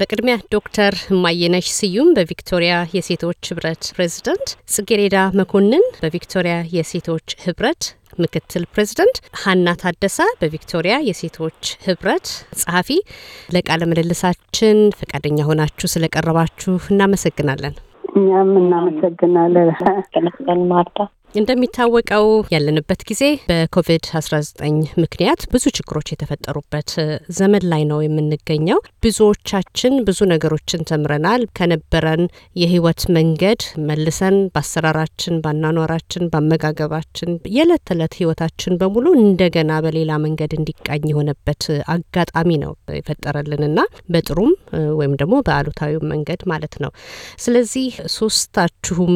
በቅድሚያ ዶክተር ማየነሽ ስዩም በቪክቶሪያ የሴቶች ህብረት ፕሬዚደንት፣ ጽጌሬዳ መኮንን በቪክቶሪያ የሴቶች ህብረት ምክትል ፕሬዚደንት፣ ሀና ታደሰ በቪክቶሪያ የሴቶች ህብረት ጸሐፊ፣ ለቃለ ምልልሳችን ፈቃደኛ ሆናችሁ ስለቀረባችሁ እናመሰግናለን። እኛም እናመሰግናለን። ማርታ እንደሚታወቀው ያለንበት ጊዜ በኮቪድ-19 ምክንያት ብዙ ችግሮች የተፈጠሩበት ዘመን ላይ ነው የምንገኘው። ብዙዎቻችን ብዙ ነገሮችን ተምረናል። ከነበረን የህይወት መንገድ መልሰን በአሰራራችን፣ ባናኗራችን፣ በአመጋገባችን የዕለት ተዕለት ህይወታችን በሙሉ እንደገና በሌላ መንገድ እንዲቃኝ የሆነበት አጋጣሚ ነው የፈጠረልንና በጥሩም ወይም ደግሞ በአሉታዊው መንገድ ማለት ነው። ስለዚህ ሶስታችሁም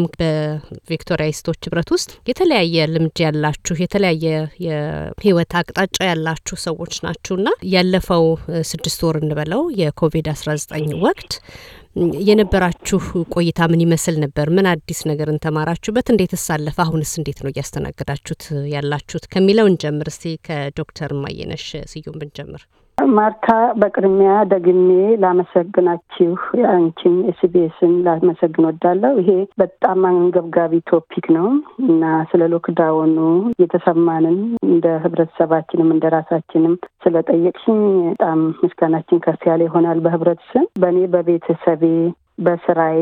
ስቶች ህብረት ውስጥ ውስጥ የተለያየ ልምድ ያላችሁ የተለያየ የህይወት አቅጣጫ ያላችሁ ሰዎች ና ያለፈው ስድስት ወር እንበለው የኮቪድ-19 ወቅት የነበራችሁ ቆይታ ምን ይመስል ነበር? ምን አዲስ ነገርን ተማራችሁበት? እንዴትስ ሳለፈ? አሁንስ እንዴት ነው እያስተናገዳችሁት ያላችሁት ከሚለው እንጀምር። እስቲ ከዶክተር ማየነሽ ስዩም ብንጀምር። ማርታ፣ በቅድሚያ ደግሜ ላመሰግናችሁ የአንቺን ኤስቢኤስን ላመሰግን ወዳለሁ። ይሄ በጣም አንገብጋቢ ቶፒክ ነው እና ስለ ሎክዳውኑ የተሰማንን እንደ ህብረተሰባችንም እንደ ራሳችንም ስለጠየቅሽኝ በጣም ምስጋናችን ከፍ ያለ ይሆናል። በህብረተሰብ በእኔ በቤተሰቤ በስራዬ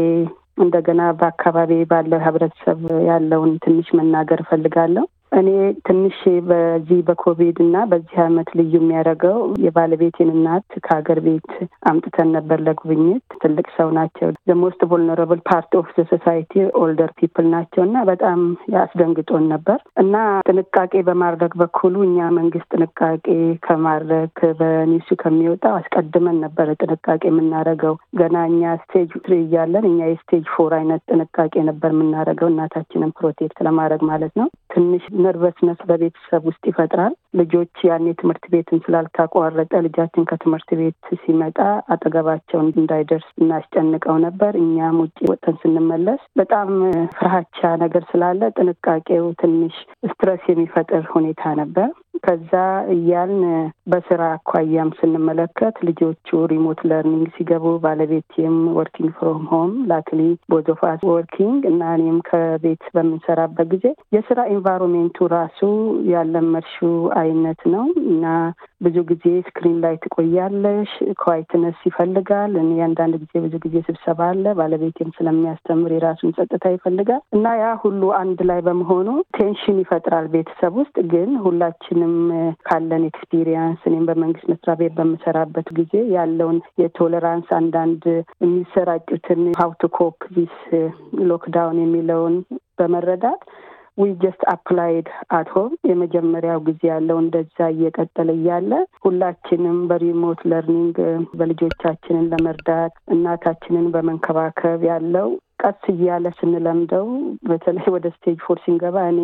እንደገና በአካባቢ ባለው ህብረተሰብ ያለውን ትንሽ መናገር እፈልጋለሁ። እኔ ትንሽ በዚህ በኮቪድ እና በዚህ አመት ልዩ የሚያደርገው የባለቤቴን እናት ከሀገር ቤት አምጥተን ነበር ለጉብኝት። ትልቅ ሰው ናቸው። ሞስት ቮልነራብል ፓርት ኦፍ ሶሳይቲ ኦልደር ፒፕል ናቸው እና በጣም ያስደንግጦን ነበር እና ጥንቃቄ በማድረግ በኩሉ እኛ መንግስት ጥንቃቄ ከማድረግ በኒሱ ከሚወጣው አስቀድመን ነበረ ጥንቃቄ የምናደርገው። ገና እኛ ስቴጅ ትሪ እያለን እኛ የስቴጅ ፎር አይነት ጥንቃቄ ነበር የምናደርገው እናታችንን ፕሮቴክት ለማድረግ ማለት ነው ትንሽ ነርቨስነስ በቤተሰብ ውስጥ ይፈጥራል። ልጆች ያኔ ትምህርት ቤትን ስላልታቋረጠ ልጃችን ከትምህርት ቤት ሲመጣ አጠገባቸውን እንዳይደርስ እናስጨንቀው ነበር። እኛም ውጭ ወጥተን ስንመለስ በጣም ፍርሃቻ ነገር ስላለ ጥንቃቄው ትንሽ ስትረስ የሚፈጥር ሁኔታ ነበር። ከዛ እያልን በስራ አኳያም ስንመለከት ልጆቹ ሪሞት ለርኒንግ ሲገቡ ባለቤቴም ወርኪንግ ፍሮም ሆም ላክሊ ቦዞፋስ ወርኪንግ እና እኔም ከቤት በምንሰራበት ጊዜ የስራ ኢንቫይሮሜንቱ ራሱ ያለመድሽው አይነት ነው እና ብዙ ጊዜ ስክሪን ላይ ትቆያለሽ፣ ኳይትነስ ይፈልጋል። እኔ አንዳንድ ጊዜ ብዙ ጊዜ ስብሰባ አለ፣ ባለቤቴም ስለሚያስተምር የራሱን ጸጥታ ይፈልጋል እና ያ ሁሉ አንድ ላይ በመሆኑ ቴንሽን ይፈጥራል ቤተሰብ ውስጥ። ግን ሁላችንም ካለን ኤክስፒሪየንስ እኔም በመንግስት መስሪያ ቤት በምሰራበት ጊዜ ያለውን የቶለራንስ አንዳንድ የሚሰራጩትን ሀውቱ ኮፕ ዚስ ሎክዳውን የሚለውን በመረዳት ዊ ጀስት አፕላይድ አት ሆም የመጀመሪያው ጊዜ ያለው እንደዛ እየቀጠለ እያለ ሁላችንም በሪሞት ለርኒንግ በልጆቻችንን ለመርዳት እናታችንን በመንከባከብ ያለው ቀስ እያለ ስንለምደው በተለይ ወደ ስቴጅ ፎር ሲንገባ እኔ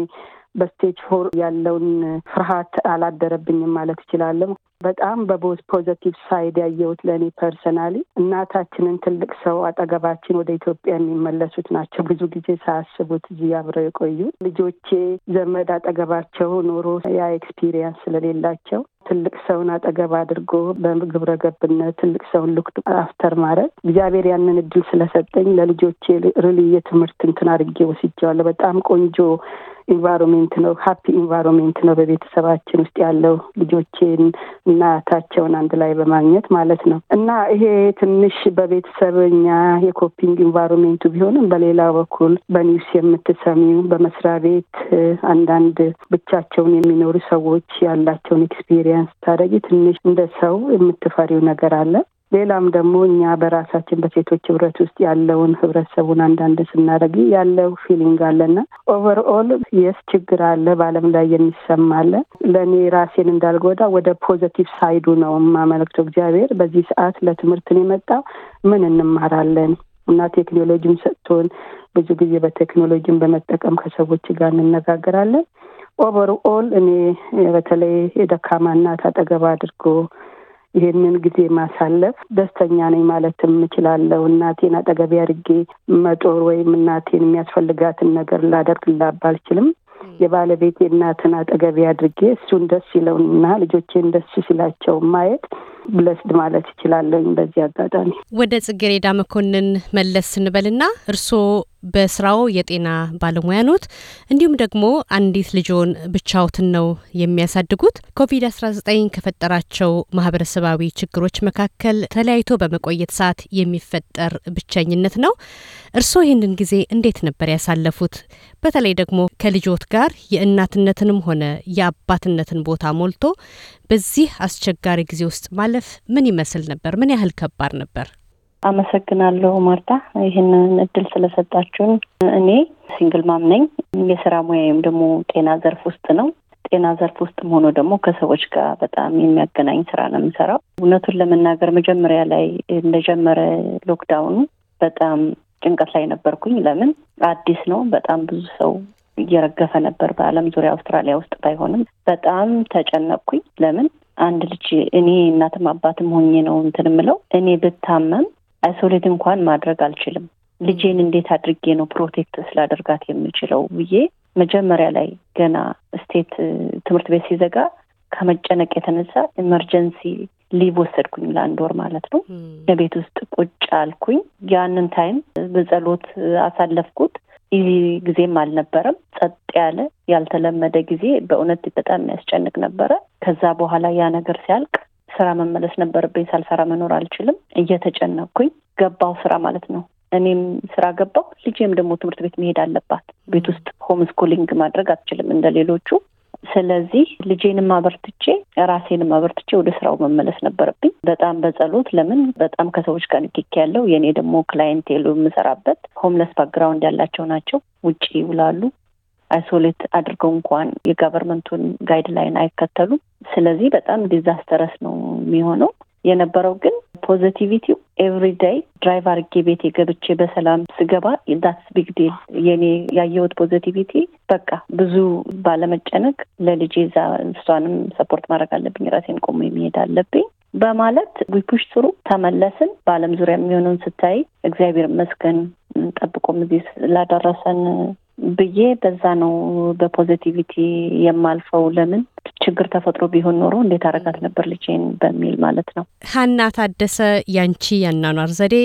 በስቴጅ ፎር ያለውን ፍርሃት አላደረብኝም ማለት እችላለሁ። በጣም በቦዝ ፖዘቲቭ ሳይድ ያየሁት ለእኔ ፐርሰናሊ እናታችንን ትልቅ ሰው አጠገባችን ወደ ኢትዮጵያ የሚመለሱት ናቸው። ብዙ ጊዜ ሳያስቡት እዚህ አብረው የቆዩ ልጆቼ ዘመድ አጠገባቸው ኖሮ ያ ኤክስፒሪየንስ ስለሌላቸው ትልቅ ሰውን አጠገብ አድርጎ በግብረ ገብነት ትልቅ ሰውን ሉክ አፍተር ማረት እግዚአብሔር ያንን እድል ስለሰጠኝ ለልጆቼ ሪሊ ትምህርት እንትን አድርጌ ወስጄዋለሁ። በጣም ቆንጆ ኢንቫይሮሜንት ነው፣ ሀፒ ኢንቫይሮንሜንት ነው በቤተሰባችን ውስጥ ያለው ልጆቼን እናታቸውን አንድ ላይ በማግኘት ማለት ነው። እና ይሄ ትንሽ በቤተሰብኛ የኮፒንግ ኢንቫይሮንሜንቱ ቢሆንም በሌላ በኩል በኒውስ የምትሰሚው በመስሪያ ቤት አንዳንድ ብቻቸውን የሚኖሩ ሰዎች ያላቸውን ኤክስፒሪየንስ ታደጊ ትንሽ እንደ ሰው የምትፈሪው ነገር አለ። ሌላም ደግሞ እኛ በራሳችን በሴቶች ህብረት ውስጥ ያለውን ህብረተሰቡን አንዳንድ ስናደርግ ያለው ፊሊንግ አለና ኦቨር ኦል የስ ችግር አለ በዓለም ላይ የሚሰማለ ለእኔ ራሴን እንዳልጎዳ ወደ ፖዘቲቭ ሳይዱ ነው የማመለክተው። እግዚአብሔር በዚህ ሰዓት ነው የመጣ ምን እንማራለን እና ቴክኖሎጂም ሰጥቶን ብዙ ጊዜ በቴክኖሎጂም በመጠቀም ከሰዎች ጋር እንነጋገራለን። ኦቨር ኦል እኔ በተለይ የደካማ እናት አጠገብ አድርጎ ይሄንን ጊዜ ማሳለፍ ደስተኛ ነኝ ማለትም እችላለሁ። እናቴን አጠገቤ አድርጌ መጦር ወይም እናቴን የሚያስፈልጋትን ነገር ላደርግላት ባልችልም የባለቤቴ እናትን አጠገቤ አድርጌ እሱን ደስ ይለውና ልጆቼን ደስ ሲላቸው ማየት ብለስድ ማለት ይችላለኝ። በዚህ አጋጣሚ ወደ ጽጌሬዳ መኮንን መለስ ስንበልና እርስዎ በስራው የጤና ባለሙያ ኖት፣ እንዲሁም ደግሞ አንዲት ልጆን ብቻዎትን ነው የሚያሳድጉት። ኮቪድ 19 ከፈጠራቸው ማህበረሰባዊ ችግሮች መካከል ተለያይቶ በመቆየት ሰዓት የሚፈጠር ብቸኝነት ነው። እርስዎ ይህንን ጊዜ እንዴት ነበር ያሳለፉት? በተለይ ደግሞ ከልጆት ጋር የእናትነትንም ሆነ የአባትነትን ቦታ ሞልቶ በዚህ አስቸጋሪ ጊዜ ውስጥ ማለፍ ምን ይመስል ነበር? ምን ያህል ከባድ ነበር? አመሰግናለሁ ማርታ፣ ይህንን እድል ስለሰጣችሁን። እኔ ሲንግል ማም ነኝ። የስራ ሙያዬም ደግሞ ጤና ዘርፍ ውስጥ ነው። ጤና ዘርፍ ውስጥም ሆኖ ደግሞ ከሰዎች ጋር በጣም የሚያገናኝ ስራ ነው የምሰራው። እውነቱን ለመናገር መጀመሪያ ላይ እንደጀመረ ሎክዳውኑ በጣም ጭንቀት ላይ ነበርኩኝ። ለምን አዲስ ነው፣ በጣም ብዙ ሰው እየረገፈ ነበር በአለም ዙሪያ አውስትራሊያ ውስጥ ባይሆንም በጣም ተጨነቅኩኝ። ለምን አንድ ልጅ እኔ እናትም አባትም ሆኜ ነው እንትን የምለው እኔ ብታመም አይሶሌት እንኳን ማድረግ አልችልም። ልጄን እንዴት አድርጌ ነው ፕሮቴክት ስላደርጋት የምችለው ብዬ መጀመሪያ ላይ ገና ስቴት ትምህርት ቤት ሲዘጋ ከመጨነቅ የተነሳ ኢመርጀንሲ ሊቭ ወሰድኩኝ ለአንድ ወር ማለት ነው። የቤት ውስጥ ቁጭ አልኩኝ። ያንን ታይም በጸሎት አሳለፍኩት። ጊዜም አልነበረም። ጸጥ ያለ ያልተለመደ ጊዜ በእውነት በጣም የሚያስጨንቅ ነበረ። ከዛ በኋላ ያ ነገር ሲያልቅ ስራ መመለስ ነበረብኝ። ሳልሰራ መኖር አልችልም። እየተጨነኩኝ ገባው ስራ ማለት ነው። እኔም ስራ ገባው፣ ልጄም ደግሞ ትምህርት ቤት መሄድ አለባት። ቤት ውስጥ ሆም ስኩሊንግ ማድረግ አትችልም እንደ ሌሎቹ ስለዚህ ልጄንም አበርትቼ ራሴንም አበርትቼ ወደ ስራው መመለስ ነበረብኝ። በጣም በጸሎት ለምን በጣም ከሰዎች ጋር ንክኪ ያለው የእኔ ደግሞ ክላይንቴሉ የምሰራበት ሆምለስ ባክግራውንድ ያላቸው ናቸው። ውጭ ይውላሉ። አይሶሌት አድርገው እንኳን የጋቨርንመንቱን ጋይድላይን አይከተሉም። ስለዚህ በጣም ዲዛስተረስ ነው የሚሆነው የነበረው ግን ፖዘቲቪቲው ኤቭሪዳይ ድራይቭ አርጌ ቤቴ ገብቼ በሰላም ስገባ ዳትስ ቢግ ዲል የኔ ያየሁት ፖዘቲቪቲ በቃ ብዙ ባለመጨነቅ ለልጄ እዛ እሷንም ሰፖርት ማድረግ አለብኝ፣ ራሴን ቆሞ የሚሄድ አለብኝ በማለት ዊፑሽ ስሩ ተመለስን። በአለም ዙሪያ የሚሆነውን ስታይ እግዚአብሔር ይመስገን ጠብቆም እዚህ ስላደረሰን ብዬ በዛ ነው በፖዚቲቪቲ የማልፈው። ለምን ችግር ተፈጥሮ ቢሆን ኖሮ እንዴት አረጋት ነበር ልጄን በሚል ማለት ነው። ሀና ታደሰ፣ ያንቺ ያናኗር ዘዴ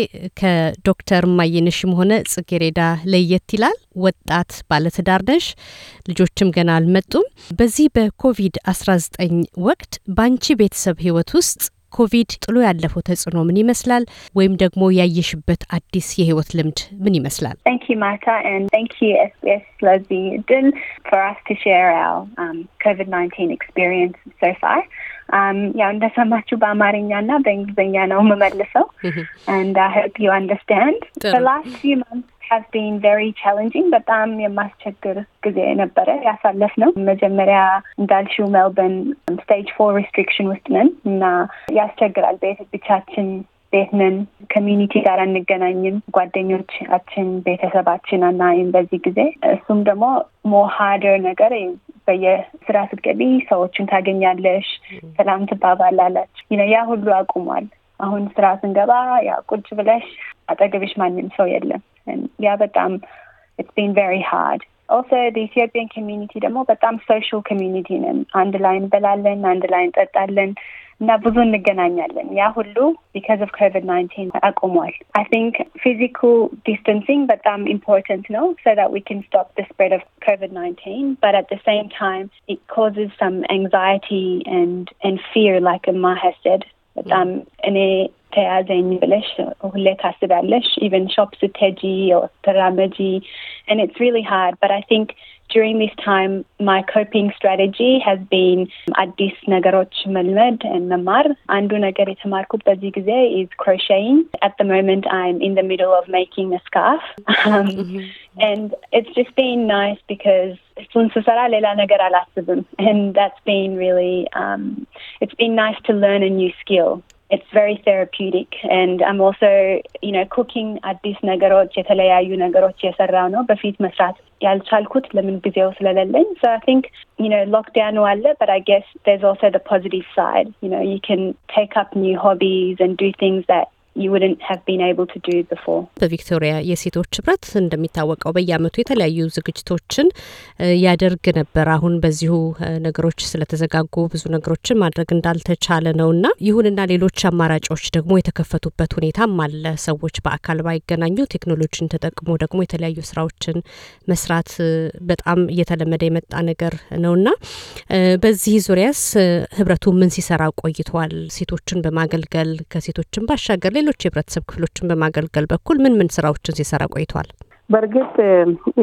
ከዶክተር ማየነሽም ሆነ ጽጌሬዳ ለየት ይላል። ወጣት ባለትዳር ነሽ፣ ልጆችም ገና አልመጡም። በዚህ በኮቪድ-19 ወቅት በአንቺ ቤተሰብ ህይወት ውስጥ ኮቪድ ጥሎ ያለፈው ተጽዕኖ ምን ይመስላል? ወይም ደግሞ ያየሽበት አዲስ የህይወት ልምድ ምን ይመስላል? ያው እንደሰማችሁ በአማርኛና በእንግሊዝኛ ነው የምመልሰው። ሀዝ ቢን ቨሪ ቻለንጂንግ በጣም የማስቸግር ጊዜ ነበረ ያሳለፍ ነው። መጀመሪያ እንዳልሽው ሜልበርን ስቴጅ ፎር ሪስትሪክሽን ውስጥ ነን እና ያስቸግራል። ቤት ብቻችን ቤት ነን። ከሚኒቲ ጋር አንገናኝም። ጓደኞቻችን፣ ቤተሰባችን አናይም በዚህ ጊዜ። እሱም ደግሞ ሞር ሃርደር ነገር በየስራ ስትገቢ ሰዎችን ታገኛለሽ፣ ሰላም ትባባላላችሁ። ያ ሁሉ አቁሟል። አሁን ስራ ስንገባ ያ ቁጭ ብለሽ አጠገብሽ ማንም ሰው የለም። and yeah, but um, it's been very hard. Also, the Ethiopian community, the more በጣም social community ነን። አንድ ላይ እንበላለን፣ አንድ ላይ እንጠጣለን እና ብዙ እንገናኛለን። ያ ሁሉ ቢካዝ ኦፍ ኮቪድ ናይንቲን አቁሟል። አይ ቲንክ ፊዚካል ዲስተንሲንግ በጣም ኢምፖርታንት ነው ሶ ዳት ዊ ካን ስቶፕ ዘ ስፕሬድ ኦፍ ኮቪድ ናይንቲን በት አት ዘ ሴም ታይም ኢት ኮዝስ ሰም አንግዛይቲ ኤንድ ኤንድ ፊር ላይክ እማ ሃዝ ሰድ በጣም እኔ ተያዘኝ ብለሽ ሁሌ ታስቢያለሽ ኢቨን ሾፕ ስትሄጂ and it's really hard but I think during this time my coping strategy has been አዲስ ነገሮች መልመድ and መማር አንዱ ነገር የተማርኩት በዚህ ጊዜ is crocheting at the moment I'm in the middle of making a scarf um, mm-hmm. and it's just been nice because እሱን ስሰራ ሌላ ነገር አላስብም and that's been really um, it's been nice to learn a new skill it's very therapeutic. And I'm also, you know, cooking አዲስ ነገሮች የተለያዩ ነገሮች የሰራው ነው bafit masrat ያልቻልኩት ለምን ጊዜው ስለሌለኝ so I think you know lockdown አለ but I guess there's also the positive side you know you can take up new hobbies and do things that በቪክቶሪያ የሴቶች ህብረት እንደሚታወቀው በየአመቱ የተለያዩ ዝግጅቶችን ያደርግ ነበር። አሁን በዚሁ ነገሮች ስለተዘጋጉ ብዙ ነገሮችን ማድረግ እንዳልተቻለ ነውና፣ ይሁንና ሌሎች አማራጮች ደግሞ የተከፈቱበት ሁኔታም አለ። ሰዎች በአካል ባይገናኙ ቴክኖሎጂን ተጠቅሞ ደግሞ የተለያዩ ስራዎችን መስራት በጣም እየተለመደ የመጣ ነገር ነውና፣ በዚህ ዙሪያስ ህብረቱ ምን ሲሰራ ቆይተዋል? ሴቶችን በማገልገል ከሴቶችን ባሻገር ሌሎች የህብረተሰብ ክፍሎችን በማገልገል በኩል ምን ምን ስራዎችን ሲሰራ ቆይቷል? በእርግጥ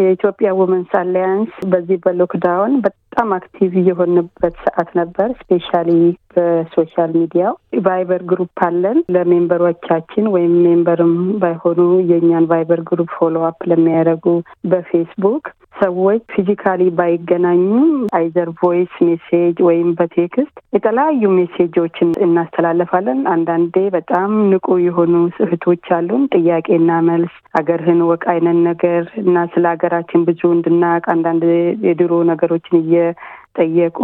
የኢትዮጵያ ውመንስ አሊያንስ በዚህ በሎክዳውን በጣም አክቲቭ እየሆንበት ሰዓት ነበር። ስፔሻሊ በሶሻል ሚዲያው ቫይበር ግሩፕ አለን ለሜምበሮቻችን ወይም ሜምበርም ባይሆኑ የእኛን ቫይበር ግሩፕ ፎሎ አፕ ለሚያደርጉ በፌስቡክ ሰዎች ፊዚካሊ ባይገናኙም አይዘር ቮይስ ሜሴጅ ወይም በቴክስት የተለያዩ ሜሴጆችን እናስተላለፋለን። አንዳንዴ በጣም ንቁ የሆኑ እህቶች አሉን። ጥያቄና መልስ አገርህን ወቅ አይነት ነገር እና ስለ ሀገራችን ብዙ እንድናቅ አንዳንድ የድሮ ነገሮችን እየ እየጠየቁ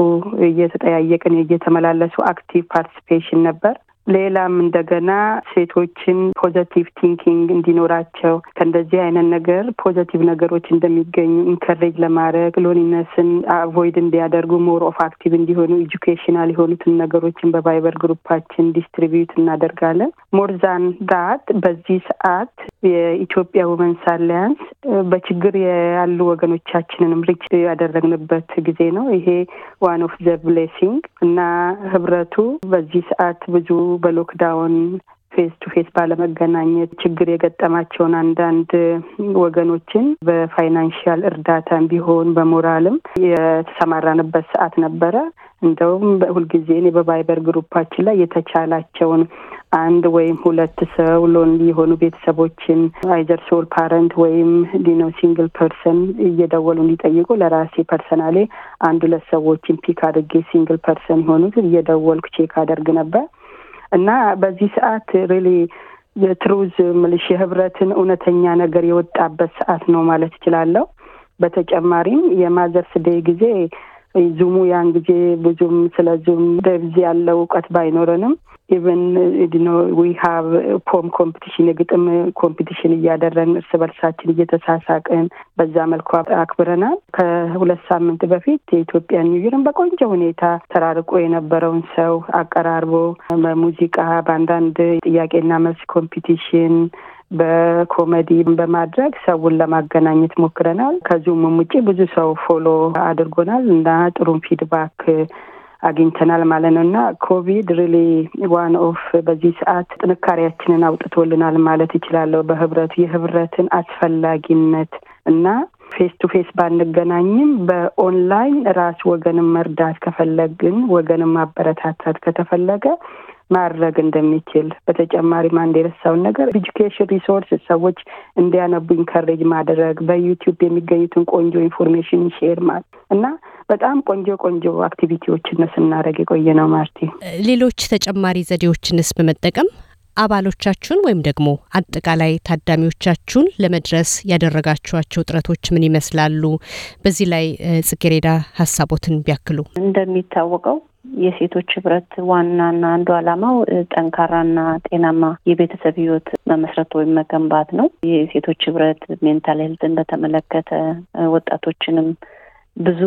እየተጠያየቅን እየተመላለሱ አክቲቭ ፓርቲሲፔሽን ነበር። ሌላም እንደገና ሴቶችን ፖዘቲቭ ቲንኪንግ እንዲኖራቸው ከእንደዚህ አይነት ነገር ፖዘቲቭ ነገሮች እንደሚገኙ ኢንከሬጅ ለማድረግ ሎኒነስን አቮይድ እንዲያደርጉ ሞር ኦፍ አክቲቭ እንዲሆኑ ኤጁኬሽናል የሆኑትን ነገሮችን በቫይበር ግሩፓችን ዲስትሪቢዩት እናደርጋለን። ሞርዛን ዳት በዚህ ሰዓት የኢትዮጵያ ውመንስ አሊያንስ በችግር ያሉ ወገኖቻችንንም ሪች ያደረግንበት ጊዜ ነው። ይሄ ዋን ኦፍ ዘ ብሌሲንግ እና ህብረቱ በዚህ ሰዓት ብዙ በሎክዳውን ፌስ ቱ ፌስ ባለመገናኘት ችግር የገጠማቸውን አንዳንድ ወገኖችን በፋይናንሽያል እርዳታም ቢሆን በሞራልም የተሰማራንበት ሰዓት ነበረ። እንደውም ሁልጊዜ እኔ በቫይበር ግሩፓችን ላይ የተቻላቸውን አንድ ወይም ሁለት ሰው ሎንሊ የሆኑ ቤተሰቦችን አይዘር ሶል ፓረንት ወይም ዲኖ ሲንግል ፐርሰን እየደወሉ እንዲጠይቁ ለራሴ ፐርሰናሌ አንድ ሁለት ሰዎችን ፒክ አድርጌ ሲንግል ፐርሰን የሆኑት እየደወልኩ ቼክ አደርግ ነበር። እና በዚህ ሰዓት ሪሊ የትሩዝ ምልሽ የህብረትን እውነተኛ ነገር የወጣበት ሰዓት ነው ማለት እችላለሁ። በተጨማሪም የማዘርስ ዴይ ጊዜ ዙሙ ያን ጊዜ ብዙም ስለ ዙም ደብዝ ያለው እውቀት ባይኖረንም ኢቨን ዲኖ ዊ ሀብ ፖም ኮምፒቲሽን የግጥም ኮምፒቲሽን እያደረን እርስ በርሳችን እየተሳሳቅን በዛ መልኩ አክብረናል። ከሁለት ሳምንት በፊት የኢትዮጵያ ኒውይርን በቆንጆ ሁኔታ ተራርቆ የነበረውን ሰው አቀራርቦ በሙዚቃ በአንዳንድ ጥያቄና መልስ ኮምፒቲሽን በኮሜዲ በማድረግ ሰውን ለማገናኘት ሞክረናል። ከዙም ውጭ ብዙ ሰው ፎሎ አድርጎናል እና ጥሩም ፊድባክ አግኝተናል ማለት ነው እና ኮቪድ ሪሊ ዋን ኦፍ በዚህ ሰዓት ጥንካሬያችንን አውጥቶልናል ማለት ይችላለሁ። በህብረቱ የህብረትን አስፈላጊነት እና ፌስ ቱ ፌስ ባንገናኝም በኦንላይን ራስ ወገንን መርዳት ከፈለግን ወገንን ማበረታታት ከተፈለገ ማድረግ እንደሚችል በተጨማሪም አንድ የረሳውን ነገር ኤጁኬሽን ሪሶርስ ሰዎች እንዲያነቡ ኢንከሬጅ ማድረግ በዩቲዩብ የሚገኙትን ቆንጆ ኢንፎርሜሽን ሼር ማለት እና በጣም ቆንጆ ቆንጆ አክቲቪቲዎችን ስናደርግ የቆየ ነው። ማርቲ ሌሎች ተጨማሪ ዘዴዎችንስ በመጠቀም አባሎቻችሁን ወይም ደግሞ አጠቃላይ ታዳሚዎቻችሁን ለመድረስ ያደረጋችኋቸው ጥረቶች ምን ይመስላሉ? በዚህ ላይ ጽጌሬዳ ሀሳቦትን ቢያክሉ። እንደሚታወቀው የሴቶች ህብረት ዋናና አንዱ ዓላማው ጠንካራና ጤናማ የቤተሰብ ህይወት መመስረት ወይም መገንባት ነው። የሴቶች ህብረት ሜንታል ሄልትን በተመለከተ ወጣቶችንም ብዙ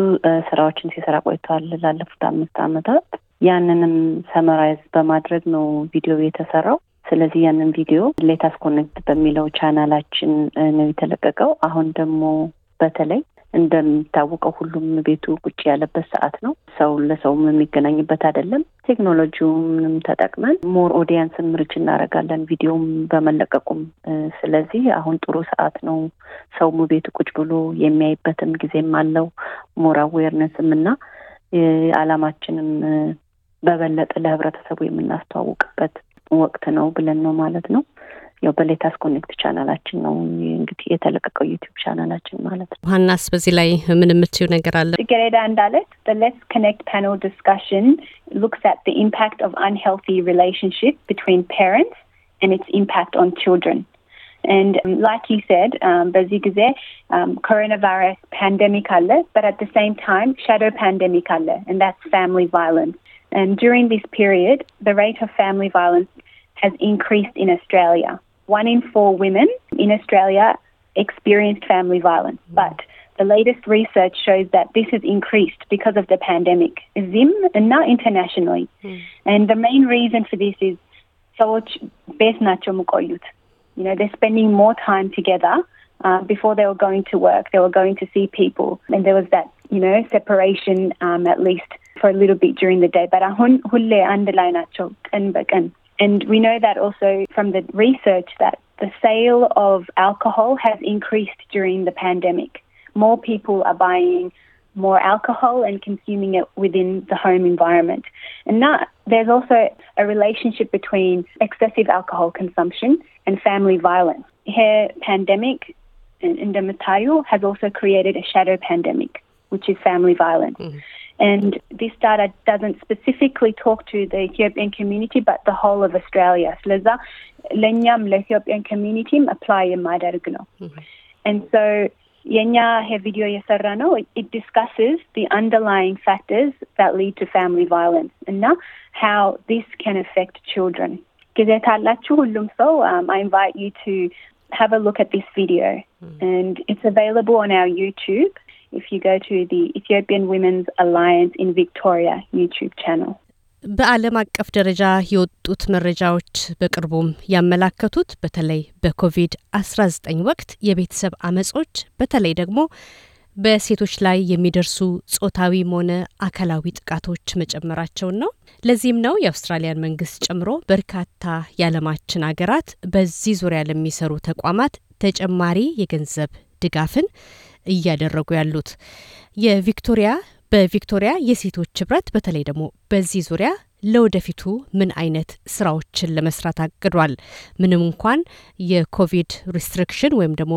ስራዎችን ሲሰራ ቆይተዋል ላለፉት አምስት ዓመታት ያንንም ሰመራይዝ በማድረግ ነው ቪዲዮ የተሰራው። ስለዚህ ያንን ቪዲዮ ሌታስ ኮኔክት በሚለው ቻናላችን ነው የተለቀቀው። አሁን ደግሞ በተለይ እንደሚታወቀው ሁሉም ቤቱ ቁጭ ያለበት ሰዓት ነው። ሰው ለሰውም የሚገናኝበት አይደለም። ቴክኖሎጂውንም ተጠቅመን ሞር ኦዲየንስን ምርጭ እናደርጋለን ቪዲዮም በመለቀቁም። ስለዚህ አሁን ጥሩ ሰዓት ነው። ሰውም ቤቱ ቁጭ ብሎ የሚያይበትም ጊዜም አለው። ሞር አዌርነስም እና ዓላማችንም በበለጠ ለህብረተሰቡ የምናስተዋውቅበት ወቅት ነው ብለን ነው ማለት ነው። ያው በሌታስ ኮኔክት ቻናላችን ነው እንግዲህ የተለቀቀው ዩቲዩብ ቻናላችን ማለት ነው። ሀናስ በዚህ ላይ ምን የምትዩ ነገር አለ? ጽጌሬዳ እንዳለች ሌትስ ኮኔክት ፓነል ዲስካሽን ሉክስ አት ዘ ኢምፓክት ኦፍ አንሄልቲ ሪሌሽንሽፕ ቢትዊን ፓረንትስ ኤንድ ኢትስ ኢምፓክት ኦን ችልድረን And um, like you said, um, um, coronavirus pandemic, but at the same time, shadow pandemic, and that's family violence. And during this period, the rate of family violence has increased in Australia. One in four women in Australia experienced family violence, mm. but the latest research shows that this has increased because of the pandemic, Zim, and not internationally. Mm. And the main reason for this is so, you know, they're spending more time together. Uh, before they were going to work, they were going to see people, and there was that, you know, separation um, at least for a little bit during the day, but I ሁሌ አንድ ላይ ናቸው and we know that also from the research that the sale of alcohol has increased during the pandemic. More people are buying more alcohol and consuming it within the home environment. And that, there's also a relationship between excessive alcohol consumption and family violence. Here, pandemic uh, in the has also created a shadow pandemic, which is family violence. Mm. And this data doesn't specifically talk to the Ethiopian community, but the whole of Australia. lenyam le ለኢትዮጵያን community apply የማደርግ ነው mm-hmm. and so yenya he video የሰራ it discusses the underlying factors that lead to family violence and how this can affect children ጊዜ um, i invite you to have a look at this video mm. and it's available on our youtube if you go to the Ethiopian Women's Alliance in Victoria YouTube channel. በዓለም አቀፍ ደረጃ የወጡት መረጃዎች በቅርቡም ያመላከቱት በተለይ በኮቪድ-19 ወቅት የቤተሰብ አመጾች በተለይ ደግሞ በሴቶች ላይ የሚደርሱ ጾታዊም ሆነ አካላዊ ጥቃቶች መጨመራቸውን ነው። ለዚህም ነው የአውስትራሊያን መንግስት ጨምሮ በርካታ የዓለማችን ሀገራት በዚህ ዙሪያ ለሚሰሩ ተቋማት ተጨማሪ የገንዘብ ድጋፍን እያደረጉ ያሉት። የቪክቶሪያ በቪክቶሪያ የሴቶች ህብረት በተለይ ደግሞ በዚህ ዙሪያ ለወደፊቱ ምን አይነት ስራዎችን ለመስራት አቅዷል? ምንም እንኳን የኮቪድ ሪስትሪክሽን ወይም ደግሞ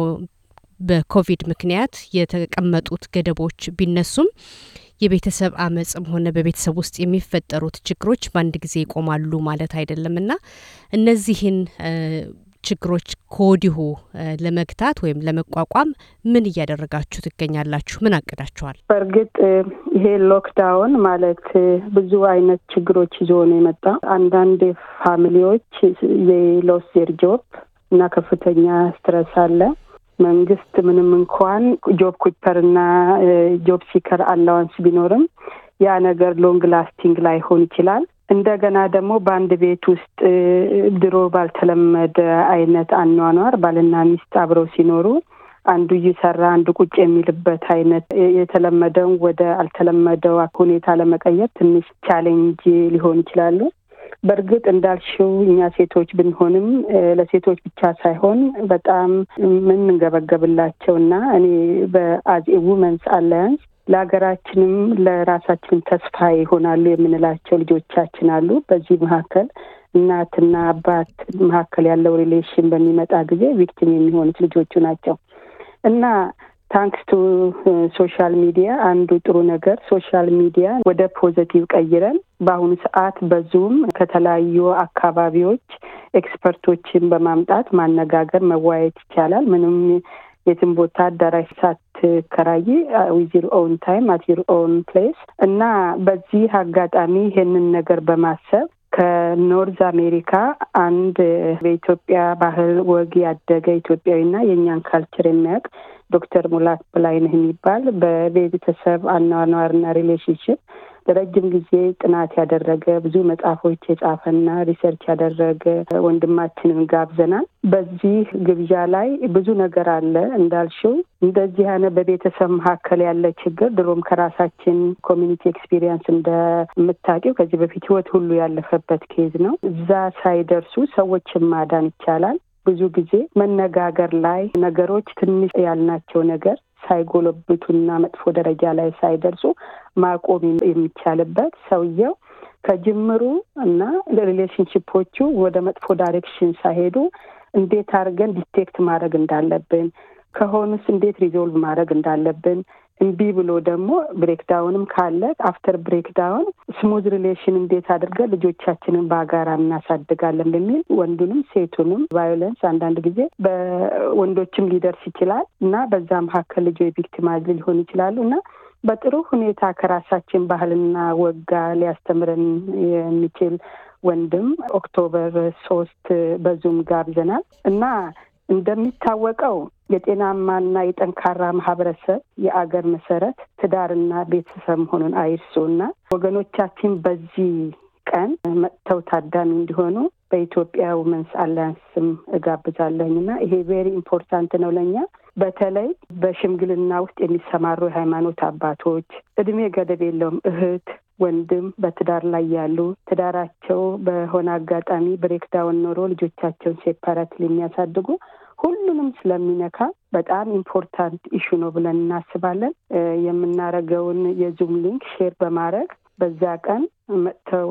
በኮቪድ ምክንያት የተቀመጡት ገደቦች ቢነሱም የቤተሰብ አመፅም ሆነ በቤተሰብ ውስጥ የሚፈጠሩት ችግሮች በአንድ ጊዜ ይቆማሉ ማለት አይደለምና እነዚህን ችግሮች ከወዲሁ ለመግታት ወይም ለመቋቋም ምን እያደረጋችሁ ትገኛላችሁ? ምን አቅዳችኋል? በእርግጥ ይሄ ሎክዳውን ማለት ብዙ አይነት ችግሮች ይዞ ነው የመጣ። አንዳንድ ፋሚሊዎች የሎስ ዜር ጆብ እና ከፍተኛ ስትረስ አለ። መንግስት ምንም እንኳን ጆብ ኩፐር ጆብ ሲከር አላዋንስ ቢኖርም ያ ነገር ሎንግ ላስቲንግ ላይሆን ይችላል። እንደገና ደግሞ በአንድ ቤት ውስጥ ድሮ ባልተለመደ አይነት አኗኗር ባልና ሚስት አብረው ሲኖሩ አንዱ እየሰራ አንዱ ቁጭ የሚልበት አይነት የተለመደውን ወደ አልተለመደው ሁኔታ ለመቀየር ትንሽ ቻሌንጅ ሊሆን ይችላሉ። በእርግጥ እንዳልሽው እኛ ሴቶች ብንሆንም ለሴቶች ብቻ ሳይሆን በጣም የምንገበገብላቸው እና እኔ በአዜ ውመንስ አላያንስ ለሀገራችንም ለራሳችን ተስፋ ይሆናሉ የምንላቸው ልጆቻችን አሉ። በዚህ መካከል እናትና አባት መካከል ያለው ሪሌሽን በሚመጣ ጊዜ ቪክቲም የሚሆኑት ልጆቹ ናቸው እና ታንክስ ቱ ሶሻል ሚዲያ አንዱ ጥሩ ነገር ሶሻል ሚዲያ ወደ ፖዘቲቭ ቀይረን በአሁኑ ሰዓት በዙም ከተለያዩ አካባቢዎች ኤክስፐርቶችን በማምጣት ማነጋገር መዋየት ይቻላል። ምንም የትም ቦታ አዳራሽ ሳት ብትከራይ ዊዝ ዩር ኦውን ታይም አት ዩር ኦውን ፕሌስ እና በዚህ አጋጣሚ ይሄንን ነገር በማሰብ ከኖርዝ አሜሪካ አንድ በኢትዮጵያ ባህል ወግ ያደገ ኢትዮጵያዊና የእኛን ካልቸር የሚያውቅ ዶክተር ሙላት ብላይነህ የሚባል በቤተሰብ አኗኗርና ሪሌሽንሽፕ ለረጅም ጊዜ ጥናት ያደረገ ብዙ መጽሐፎች የጻፈና ሪሰርች ያደረገ ወንድማችንን ጋብዘናል። በዚህ ግብዣ ላይ ብዙ ነገር አለ እንዳልሽው እንደዚህ ያነ በቤተሰብ መካከል ያለ ችግር ድሮም ከራሳችን ኮሚኒቲ ኤክስፒሪየንስ እንደምታውቂው ከዚህ በፊት ህይወት ሁሉ ያለፈበት ኬዝ ነው። እዛ ሳይደርሱ ሰዎችን ማዳን ይቻላል። ብዙ ጊዜ መነጋገር ላይ ነገሮች ትንሽ ያልናቸው ነገር ሳይጎለብቱና መጥፎ ደረጃ ላይ ሳይደርሱ ማቆም የሚቻልበት ሰውየው ከጅምሩ እና ሪሌሽንሽፖቹ ወደ መጥፎ ዳይሬክሽን ሳይሄዱ እንዴት አድርገን ዲቴክት ማድረግ እንዳለብን ከሆኑስ እንዴት ሪዞልቭ ማድረግ እንዳለብን እምቢ ብሎ ደግሞ ብሬክዳውንም ካለ አፍተር ብሬክዳውን ስሙዝ ሪሌሽን እንዴት አድርገን ልጆቻችንን በጋራ እናሳድጋለን በሚል ወንዱንም ሴቱንም ቫዮለንስ አንዳንድ ጊዜ በወንዶችም ሊደርስ ይችላል እና በዛ መካከል ልጆ ቪክቲማይዝ ሊሆን ይችላሉ እና በጥሩ ሁኔታ ከራሳችን ባህልና ወጋ ሊያስተምረን የሚችል ወንድም ኦክቶበር ሶስት በዙም ጋብዘናል እና እንደሚታወቀው የጤናማና የጠንካራ ማህበረሰብ የአገር መሰረት ትዳርና ቤተሰብ መሆኑን አይርሱና ወገኖቻችን በዚህ ቀን መጥተው ታዳሚ እንዲሆኑ በኢትዮጵያ ውመንስ አላያንስ ስም እጋብዛለኝ እና ይሄ ቬሪ ኢምፖርታንት ነው ለእኛ በተለይ በሽምግልና ውስጥ የሚሰማሩ የሃይማኖት አባቶች፣ እድሜ ገደብ የለውም፣ እህት ወንድም በትዳር ላይ ያሉ ትዳራቸው በሆነ አጋጣሚ ብሬክዳውን ኖሮ ልጆቻቸውን ሴፓራት የሚያሳድጉ ሁሉንም ስለሚነካ በጣም ኢምፖርታንት ኢሹ ነው ብለን እናስባለን። የምናረገውን የዙም ሊንክ ሼር በማድረግ በዛ ቀን መጥተው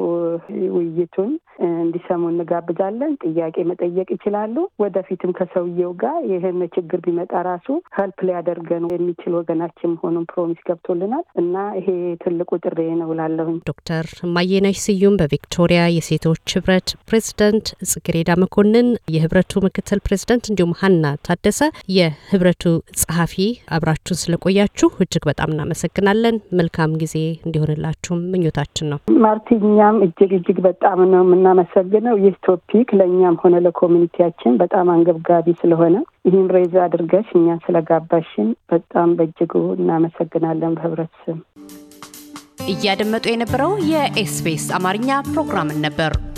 ውይይቱን እንዲሰሙ እንጋብዛለን። ጥያቄ መጠየቅ ይችላሉ። ወደፊትም ከሰውየው ጋር ይህን ችግር ቢመጣ ራሱ ሀልፕ ሊያደርገን የሚችል ወገናችን መሆኑን ፕሮሚስ ገብቶልናል እና ይሄ ትልቁ ጥሬ ነው ላለሁኝ ዶክተር ማየነሽ ስዩም በቪክቶሪያ የሴቶች ህብረት ፕሬዚደንት፣ ጽግሬዳ መኮንን የህብረቱ ምክትል ፕሬዚደንት፣ እንዲሁም ሀና ታደሰ የህብረቱ ጸሐፊ አብራችሁን ስለቆያችሁ እጅግ በጣም እናመሰግናለን። መልካም ጊዜ እንዲሆንላችሁም ምኞታችን ነው። ማርቲ፣ እኛም እጅግ እጅግ በጣም ነው የምናመሰግነው። ይህ ቶፒክ ለእኛም ሆነ ለኮሚኒቲያችን በጣም አንገብጋቢ ስለሆነ ይህን ሬዝ አድርገሽ እኛን ስለጋባሽን በጣም በእጅጉ እናመሰግናለን በህብረት ስም። እያደመጡ የነበረው የኤስቢኤስ አማርኛ ፕሮግራምን ነበር።